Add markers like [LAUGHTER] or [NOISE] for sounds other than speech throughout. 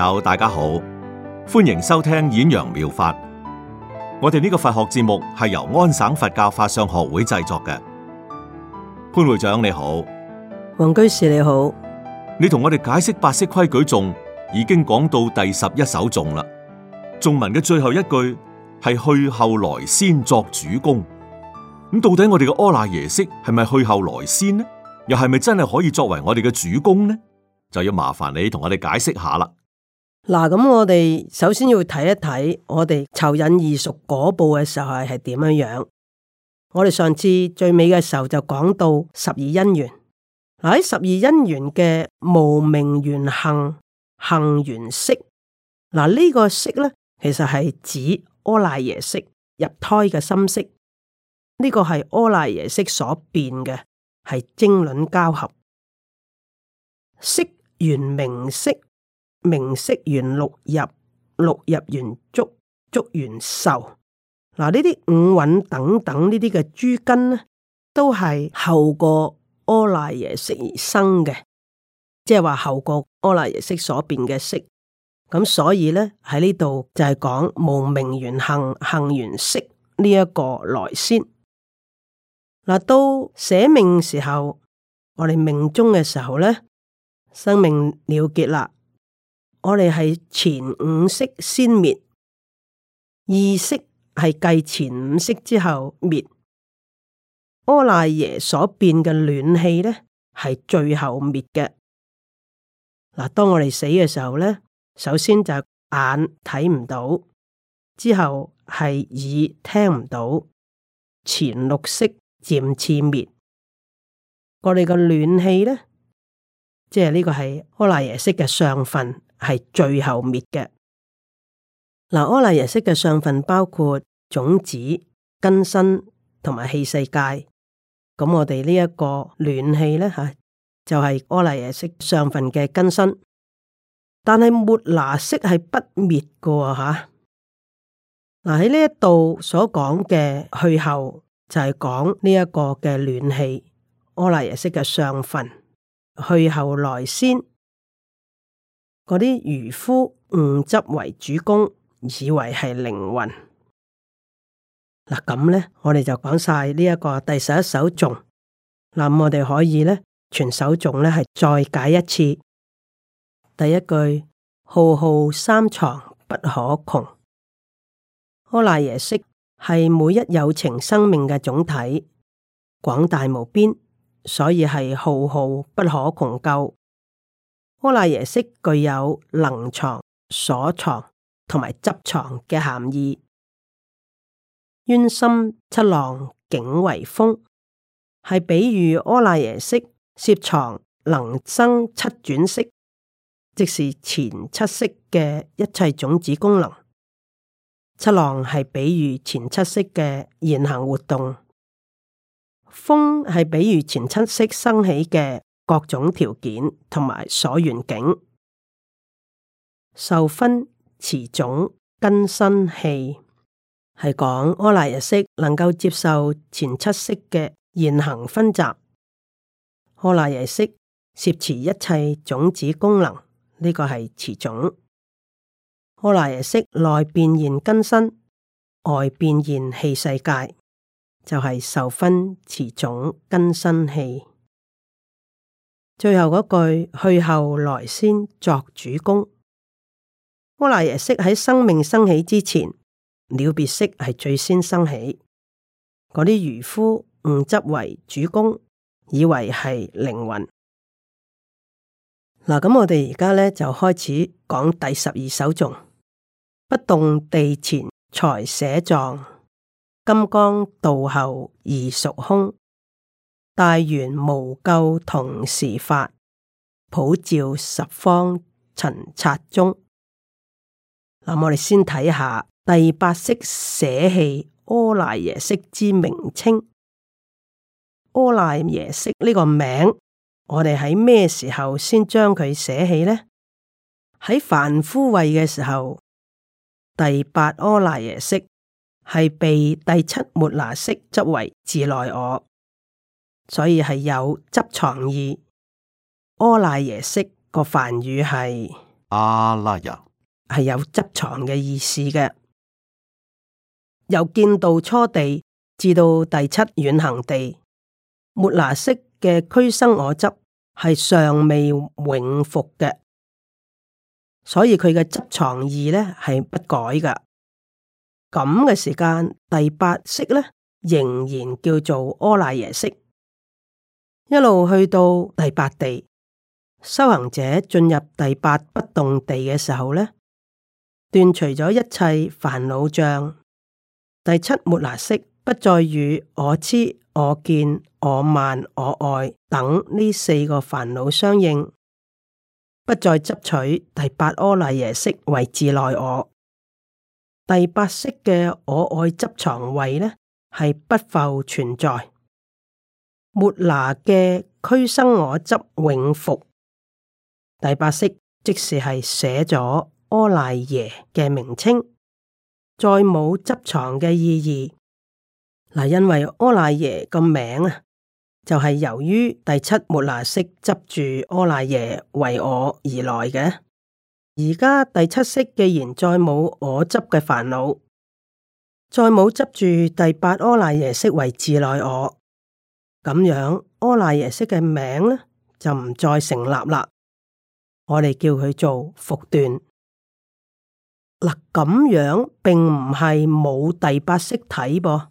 友大家好，歡迎收聽演揚妙，妙法。我哋呢個佛學節目係由安省佛教法相學會製作嘅。潘會長你好，王居士你好，你同我哋解釋八識規矩頌已經講到第十一首頌啦。頌文嘅最後一句係去後來先作主公，咁到底我哋嘅阿賴耶識係咪去後來先呢？又係咪真係可以作為我哋嘅主公呢？就要麻煩你同我哋解釋下啦。嗱，咁我哋首先要睇一睇我哋囚引二熟果報嘅時候係係點樣樣。我哋上次最尾嘅時候就講到十二因緣。嗱，喺十二因緣嘅無明、緣行，行緣識。嗱呢個識咧，其實係指阿賴耶識入胎嘅心識。呢、這個係阿賴耶識所變嘅，係精卵交合。識緣名色。明色緣六入，六入緣觸，觸緣受。嗱，呢啲五蘊等等呢啲嘅諸根呢，都係後個阿賴耶識而生嘅，即係話後個阿賴耶識所變嘅色。咁所以呢喺呢度就係講無明緣行，行緣識呢一個來先。嗱，到捨命時候，我哋命終嘅時候呢，生命了結啦。我哋係前五識先滅，意識係繼前五識之後滅。阿賴耶所變嘅暖氣咧，係最後滅嘅。嗱，當我哋死嘅時候咧，首先就眼睇唔到，之後係耳聽唔到，前六識漸次滅。我哋嘅暖氣咧，即係呢個係阿賴耶識嘅上分。係最後滅嘅。嗱，阿賴耶識嘅相分包括種子、根身同埋器世界。咁我哋呢一個暖氣咧吓、啊，就係、是、阿賴耶識相分嘅根身。但係末那識係不滅嘅吓。嗱，喺呢一度所講嘅去後就係講呢一個嘅暖氣，阿賴耶識嘅相分去後來先。嗰啲愚夫誤執為主公，以為係靈魂。嗱咁咧，我哋就講晒呢一個第十一首頌。嗱，咁我哋可以咧，全首頌咧係再解一次。第一句浩浩三藏不可窮，阿賴耶識係每一有情生命嘅總體，廣大無邊，所以係浩浩不可窮究。阿賴耶識具有能藏、所藏同埋執藏嘅含義。淵深七浪，境為風，係比喻阿賴耶識攝藏能生七轉識，即是前七識嘅一切種子功能。七浪係比喻前七識嘅現行活動，風係比喻前七識生起嘅各種條件同埋所緣境，受熏持種根身器，係講阿賴耶識能夠接受前七識嘅現行熏習。阿賴耶識攝持一切種子功能，呢、這個係持種。阿賴耶識內變現根身，外變現器世界，就係、是、受熏持種根身器。最後嗰句，去後來先作主公。阿賴耶識喺生命升起之前，了別識係最先升起。嗰啲愚夫誤執為主公，以為係靈魂。嗱，咁我哋而家咧就開始講第十二首頌：不動地前才捨藏，金剛道後異熟空。大圓無垢同時發，普照十方塵剎中。咁我哋先睇下第八識捨棄阿賴耶識之名稱。阿賴耶識呢個名，我哋喺咩時候先將佢捨棄呢？喺凡夫位嘅時候，第八阿賴耶識係被第七末那識執為自內我。所以係有執藏義，阿賴耶識個梵語係阿、啊、拉耶，係有執藏嘅意思嘅。由見道初地至到第七遠行地，末那識嘅俱生我執係尚未永伏嘅，所以佢嘅執藏義呢係不改嘅。咁嘅時間，第八識呢，仍然叫做阿賴耶識。一路去到第八地，修行者進入第八不動地嘅時候呢，斷除咗一切煩惱障。第七末那識不再與我癡、我見、我慢、我愛等呢四個煩惱相應，不再執取第八阿賴耶識為自內我。第八識嘅我愛執藏位呢，係不復存在。末那嘅俱生我執永伏第八識，即是係捨咗阿賴耶嘅名稱，再冇執藏嘅意義。嗱，因為阿賴耶個名啊，就係由於第七末那識執住阿賴耶為我而來嘅。而家第七識既然再冇我執嘅煩惱，再冇執住第八阿賴耶識為自內我。咁樣阿賴耶識嘅名咧就唔再成立啦，我哋叫佢做復斷。嗱，咁樣並唔係冇第八識體噃，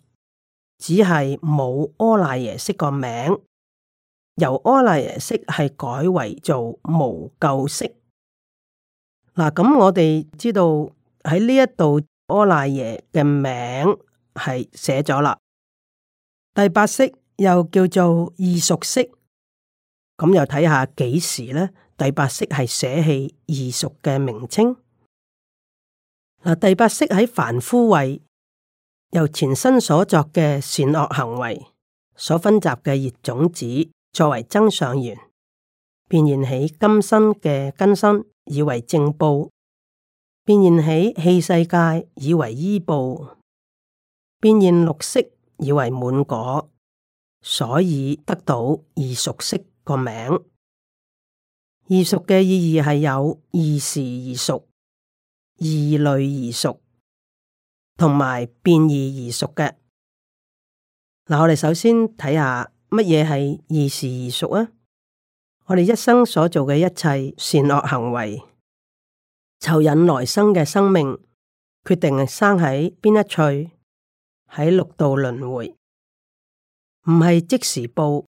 只係冇阿賴耶識個名，由阿賴耶識係改為做無垢識。嗱，咁我哋知道喺呢一度阿賴耶嘅名係捨咗啦，第八識。又叫做異熟識，咁又睇下幾時呢？第八識係捨棄異熟嘅名稱。嗱，第八識喺凡夫位，由前身所作嘅善惡行為所分集嘅業種子，作為增上緣，變現起今生嘅根身，以為正報；變現起器世界，以為依報；變現六識，以為滿果。所以得到異熟識個名，異熟嘅意義係有異時異熟、異類異熟，同埋變異異熟嘅。嗱，我哋首先睇下乜嘢係異時異熟啊？我哋一生所做嘅一切善惡行為，就引來生嘅生命，決定係生喺邊一趣，喺六道輪迴。唔係即時報，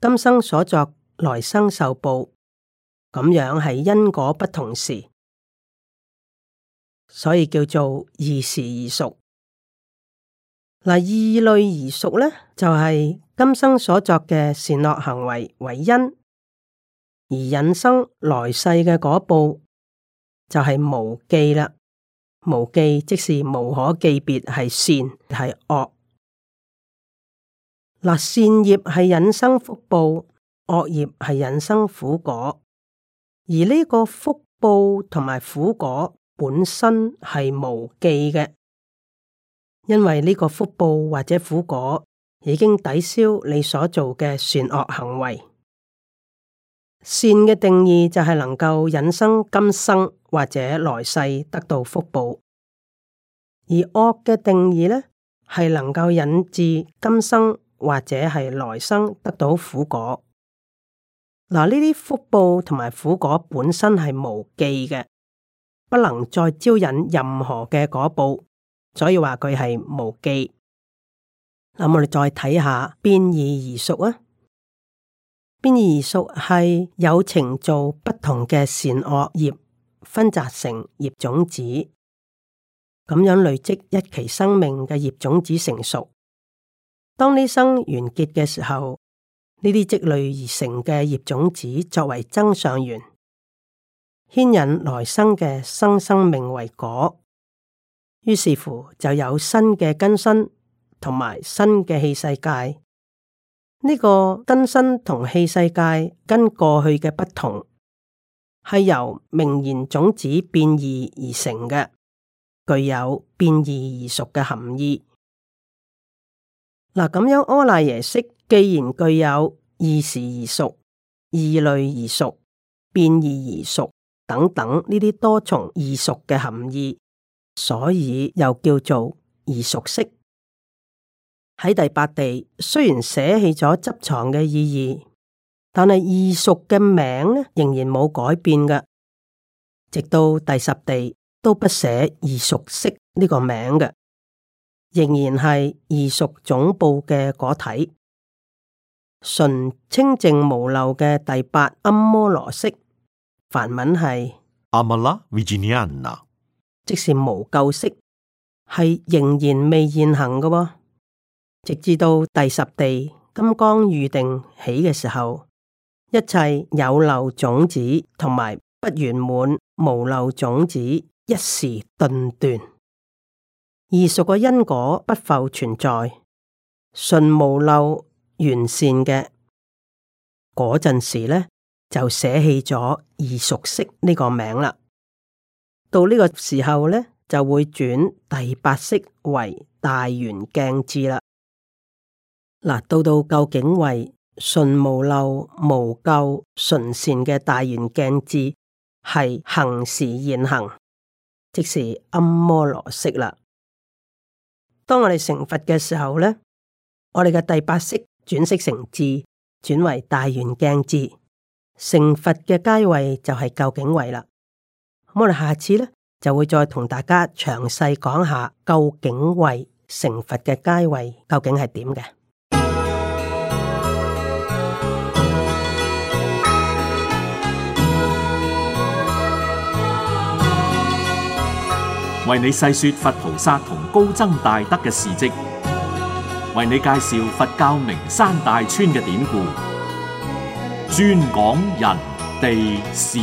今生所作來生受報，咁樣係因果不同時，所以叫做異時異熟。嗱，異類異熟呢，就係、是、今生所作嘅善惡行為為因，而引生來世嘅嗰報就係、是、無記啦。無記即是無可記別，係善係惡。嗱，善業係引生福報，惡業係引生苦果。而呢個福報同埋苦果本身係無記嘅，因為呢個福報或者苦果已經抵消你所做嘅善惡行為。善嘅定義就係能夠引生今生或者來世得到福報，而惡嘅定義呢係能夠引致今生。或者係來生得到苦果，嗱，呢啲福報同埋苦果本身係無記嘅，不能再招引任何嘅果報，所以話佢係無記。咁我哋再睇下變異而熟啊，變異而熟係有情做不同嘅善惡業，分扎成業種子，咁樣累積一期生命嘅業種子成熟。當呢生完結嘅時候，呢啲積累而成嘅業種子作為增上緣，牽引來生嘅生生命為果，於是乎就有新嘅根身同埋新嘅器世界。呢、這個根身同器世界跟過去嘅不同，係由名言種子變異而成嘅，具有變異而熟嘅含義。嗱，咁樣阿賴耶識既然具有異時而熟、異類而熟、變異而熟等等呢啲多重異熟嘅含義，所以又叫做異熟識。喺第八地雖然捨棄咗執藏嘅意義，但係異熟嘅名咧仍然冇改變嘅，直到第十地都不捨異熟識呢個名嘅。仍然係異熟總報嘅果體，純清淨無漏嘅第八庵、嗯、摩羅識。梵文係阿摩拉維吉尼亞，即是無垢識，係仍然未現行嘅、哦。直至到第十地金剛喻定起嘅時候，一切有漏種子同埋不圓滿無漏種子一時頓斷，斷。異熟嘅因果不復存在，純無漏完善嘅嗰陣時呢，就捨棄咗異熟識呢個名啦。到呢個時候呢，就會轉第八識為大圓鏡智啦。嗱，到到究竟為純無漏無垢純善嘅大圓鏡智，係行時現行，即是阿摩羅識啦。當我哋成佛嘅時候呢，我哋嘅第八識轉識成智，轉為大圓鏡智。成佛嘅階位就係究竟位啦。咁我哋下次呢，就會再同大家詳細講下究竟位，成佛嘅階位究竟係點嘅。為你細說佛菩薩同高僧大德嘅事蹟，為你介紹佛教名山大川嘅典故，專講人地事。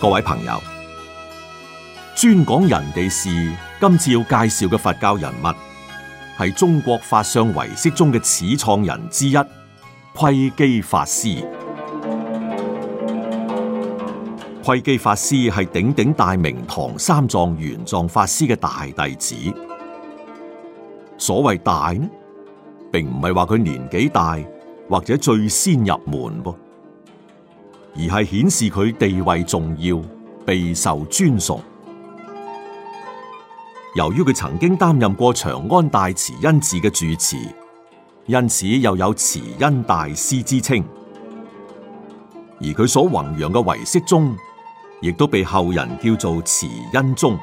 各位朋友，專講人地事，今次要介紹嘅佛教人物係中國法相唯識宗嘅始創人之一，窺基法師。窺基法師係鼎鼎大名唐三藏玄奘法師嘅大弟子。所謂大呢，並唔係話佢年紀大或者最先入門噃，而係顯示佢地位重要，備受尊崇。由於佢曾經擔任過長安大慈恩寺嘅住持，因此又有慈恩大師之稱。而佢所弘揚嘅唯識宗，亦都被後人叫做慈恩宗。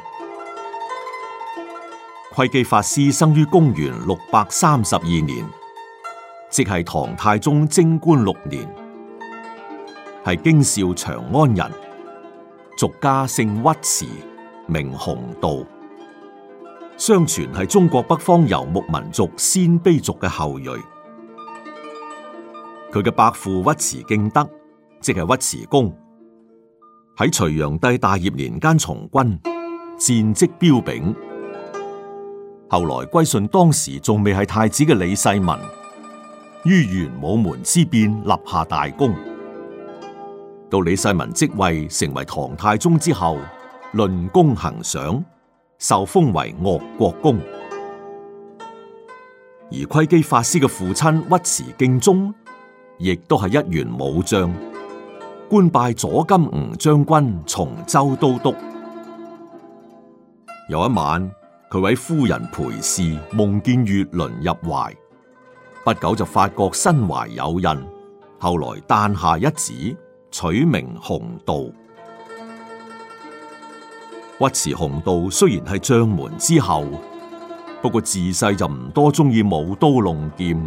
窺基法師生於公元六百三十二年，即係唐太宗貞觀六年，係京兆長安人，俗家姓尉遲，名洪道。相傳係中國北方游牧民族鮮卑族嘅後裔，佢嘅伯父尉遲敬德，即係尉遲恭，喺隋煬帝大業年間從軍，戰績彪炳，後來歸順當時仲未係太子嘅李世民，於玄武門之變立下大功，到李世民即位成為唐太宗之後，論功行賞。受封為鄂國公，而窺基法師嘅父親尉遲敬宗，亦都係一員武將，官拜左金吾將軍、松州都督。 [NOISE] 有一晚，佢位夫人陪侍，夢見月輪入懷，不久就發覺身懷有孕，後來誕下一子，取名弘道。尉遲洪道雖然係將門之後，不過自細就唔多中意舞刀弄劍，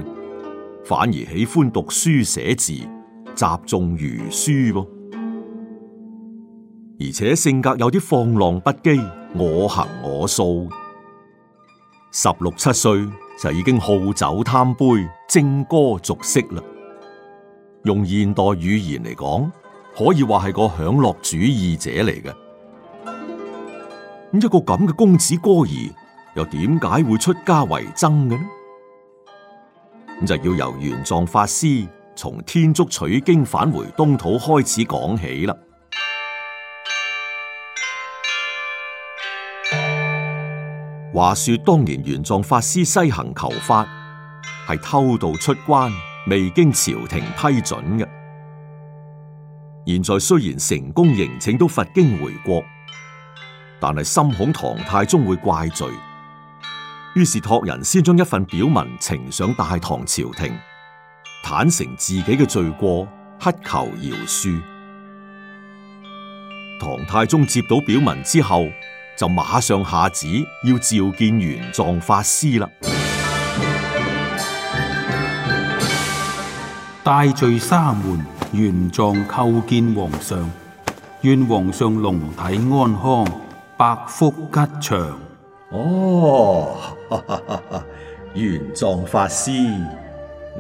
反而喜歡讀書寫字，集中如書。而且性格有啲放浪不羈，我行我素。十六七歲就已經好酒貪杯，徵歌俗色啦。用現代語言嚟講，可以話係個享樂主義者嚟嘅。一個咁嘅公子哥兒，又點解會出家為僧嘅呢？咁就要由玄奘法師從天竺取經返回東土開始講起啦。 [NOISE] 話說當年玄奘法師西行求法，係偷渡出關，未經朝廷批准嘅。現在雖然成功迎請到佛經回國。但係心恐唐太宗會怪罪，於是託人先將一份表文呈上大唐朝廷，坦承自己嘅罪過，乞求饒恕。唐太宗接到表文之後，就馬上下旨要召見玄奘法師啦。大罪沙門玄奘叩見皇上，願皇上龍體安康。百福吉祥哦，哈哈，玄奘法師，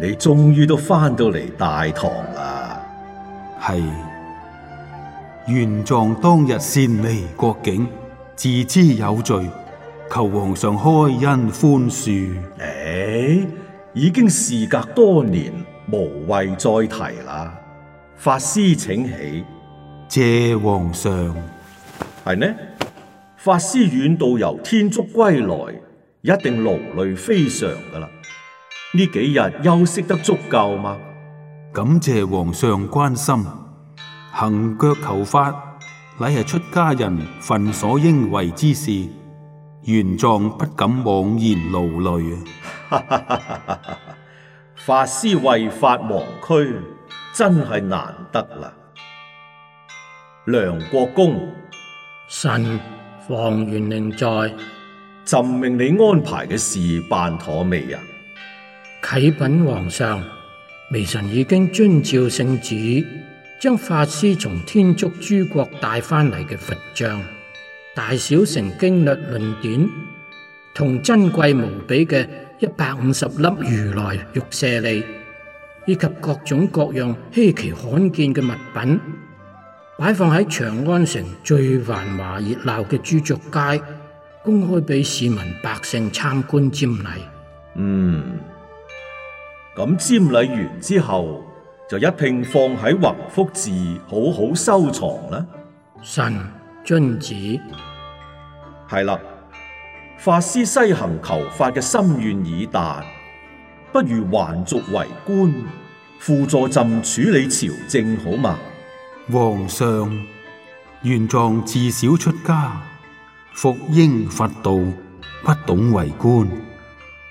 你終於都翻到嚟大唐啦。係。玄奘當日擅離國境，自知有罪，求皇上開恩寬恕。唉、哎，已經事隔多年，無謂再提啦。法師請起，謝皇上。係呢？法師遠道由天竺歸來，一定勞累非常噶啦。呢幾日休息得足夠嗎？感謝皇上關心。行腳求法，乃係出家人分所應為之事，玄奘不敢妄言勞累啊。法師為法忘軀，真係難得啦。梁國公，臣。房玄齡在，朕命你安排嘅事辦妥未啊？啟稟皇上，微臣已經遵照聖旨，將法師從天竺諸國帶翻嚟嘅佛像、大小乘經律論典，同珍貴無比嘅一百五十粒如來玉舍利，以及各種各樣稀奇罕見嘅物品，擺放喺長安城最繁華熱鬧嘅朱雀街，公開俾市民百姓參觀瞻禮。嗯，咁瞻禮完之後，就一併放喺弘福寺好好收藏啦。臣遵旨。係啦，法師西行求法嘅心願已達，不如還俗為官，輔助朕處理朝政，好嘛？皇上，玄奘自小出家，服膺佛道，不懂為官，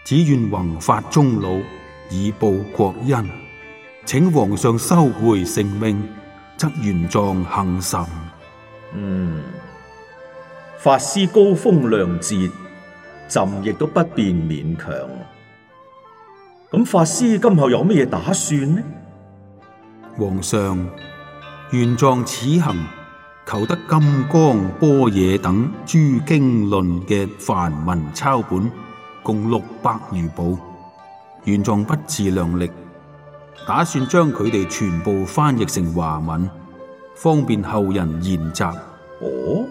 只願宏法終老，以報國恩。請皇上收回成命，則玄奘幸甚。嗯，法師高風亮節，朕亦都不便勉強。咁法師今後有咩嘢打算呢？皇上。玄奘此行求得《金剛般若等諸經論》嘅梵文抄本共六百餘部，玄奘不自量力，打算將佢哋全部翻譯成華文，方便後人研習。哦，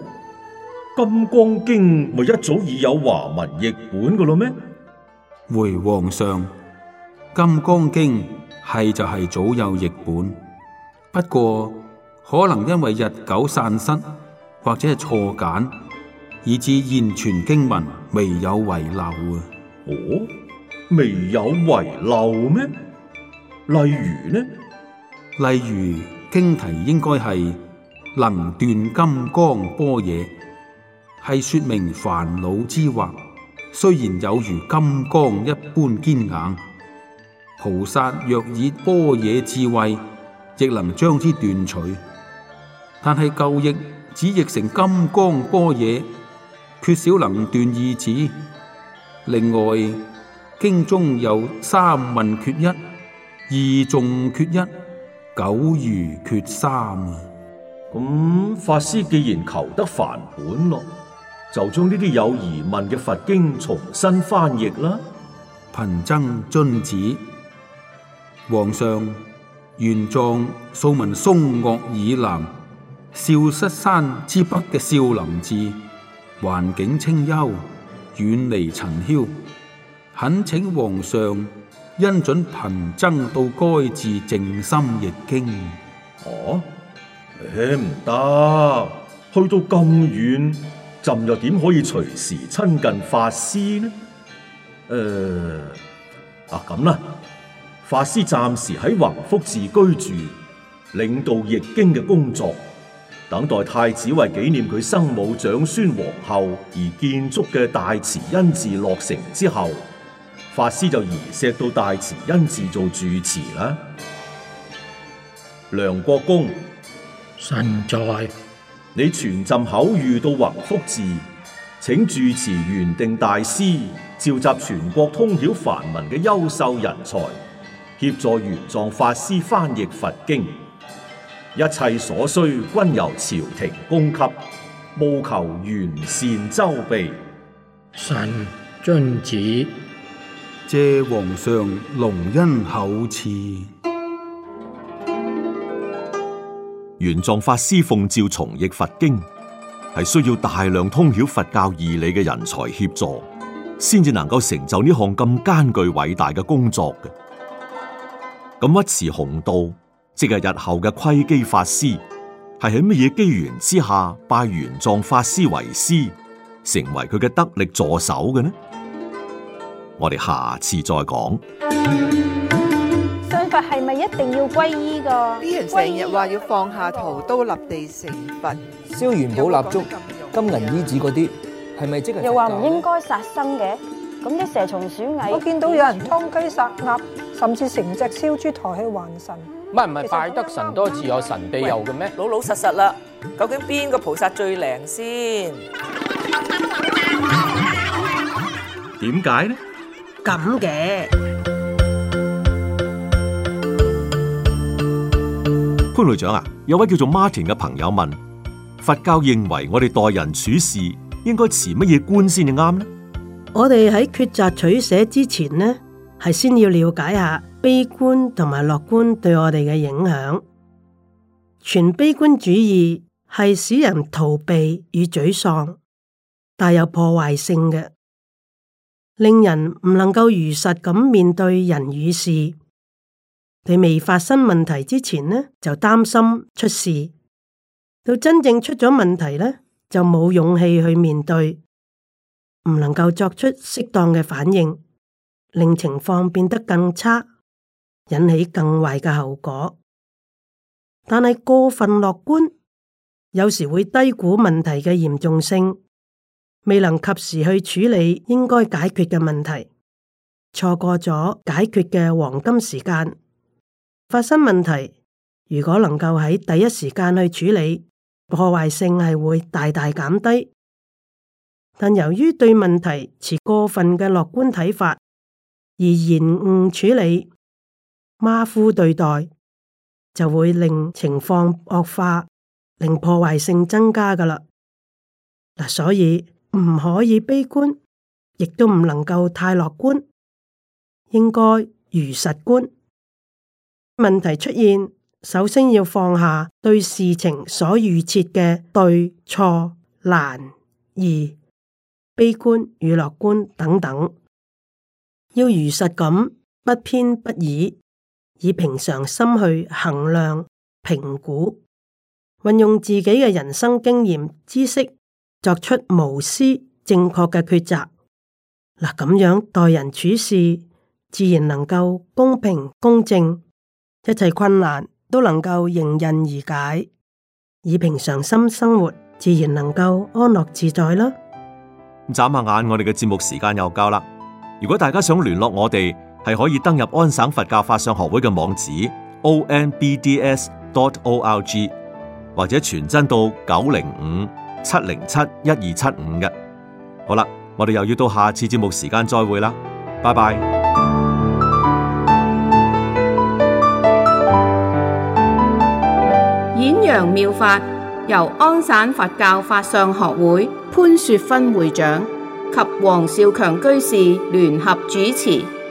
《金剛經》咪一早已有華文譯本㗎喇咩？回皇上，《金剛經》係就係早有譯本，不過。可能因為日久散失，或者係錯簡，以致現存經文未有遺漏啊。哦，未有遺漏咩？例如呢？例如經題應該係能斷金剛般若，係説明煩惱之惑，雖然有如金剛一般堅硬，菩薩若以般若智慧，亦能將之斷除。但係舊譯只譯成金剛般若，缺少能斷二字。另外經中有三問缺一，二眾缺一，九如缺三。咁法師既然求得梵本咯，就將呢啲有疑問嘅佛經重新翻譯啦。貧僧遵旨。皇上，玄奘素聞嵩嶽以南，少室山之北嘅少林寺，環境清幽，遠離塵囂。懇請皇上恩准貧僧到該寺靜心譯經。哦，唔得，去到咁遠，朕又點可以隨時親近法師呢？誒，啊咁啦，法師暫時喺弘福寺居住，領導譯經嘅工作。等待太子為紀念佢生母長孫皇后而建築嘅大慈恩寺落成之後，法師就移錫到大慈恩寺做住持啦。梁國公。臣在。你傳朕口諭到弘福寺，請住持原定大師召集全國通曉梵文嘅優秀人才，協助玄奘法師翻譯佛經。一切所需均由朝廷供給，務求完善周備。臣遵旨，謝皇上隆恩厚賜。玄奘法師奉詔重譯佛經，係需要大量通曉佛教義理嘅人才協助，先至能夠成就呢項咁艱巨偉大嘅工作嘅。咁尉遲洪道，即係日後嘅窺基法師，係喺乜嘢機緣之下拜玄奘法師為師，成為佢嘅得力助手嘅呢？我哋下次再講。信佛係咪一定要皈依噶？啲人成日話要放下屠刀立地成佛，燒元寶蠟燭、有有金銀衣子嗰啲，係咪即係又話唔應該殺生嘅？咁啲蛇蟲鼠蟻，我見到有人劏雞殺鴨，甚至成隻燒豬抬去還神。唔唔係，拜得神多自有神庇佑嘅咩？老老實實啦，究竟邊個菩薩最靈先？點解呢？咁嘅潘會長啊，有位叫做 Martin 嘅朋友問：佛教認為我哋待人處事應該持乜嘢觀先至啱呢？我哋喺抉擇取捨之前呢，係先要了解下。悲觀同埋樂觀對我哋嘅影響，全悲觀主義係使人逃避與沮喪，帶有破壞性嘅，令人唔能夠如實咁面對人與事。喺未發生問題之前呢，就擔心出事；到真正出咗問題呢，就冇勇氣去面對，唔能夠作出適當嘅反應，令情況變得更差。引起更壞嘅後果，但係過分樂觀，有時會低估問題嘅嚴重性，未能及時去處理應該解決嘅問題，錯過咗解決嘅黃金時間。發生問題，如果能夠喺第一時間去處理，破壞性係會大大減低。但由於對問題持過分嘅樂觀睇法而延誤處理。馬虎對待就會令情況惡化，令破壞性增加㗎喇。嗱，所以唔可以悲觀，亦都唔能夠太樂觀，應該如實觀。問題出現，首先要放下對事情所預設嘅對錯難易、悲觀與樂觀等等，要如實咁不偏不倚，以平常心去衡量、評估，運用自己嘅人生經驗、知識，作出無私正確嘅抉擇。嗱，咁樣待人處事，自然能夠公平公正，一切困難都能夠迎刃而解。以平常心生活，自然能夠安樂自在啦。眨下眼，我哋嘅節目時間又夠啦。如果大家想聯絡我哋，係可以登入安省佛教法相學會嘅網址 o n b d s dot o r g 或者傳真到九零五七零七一二七五㗎。好啦，我哋又要到下次節目時間再會啦，拜拜。演揚妙法由安省佛教法相學會潘雪芬會長及黃少強居士聯合主持，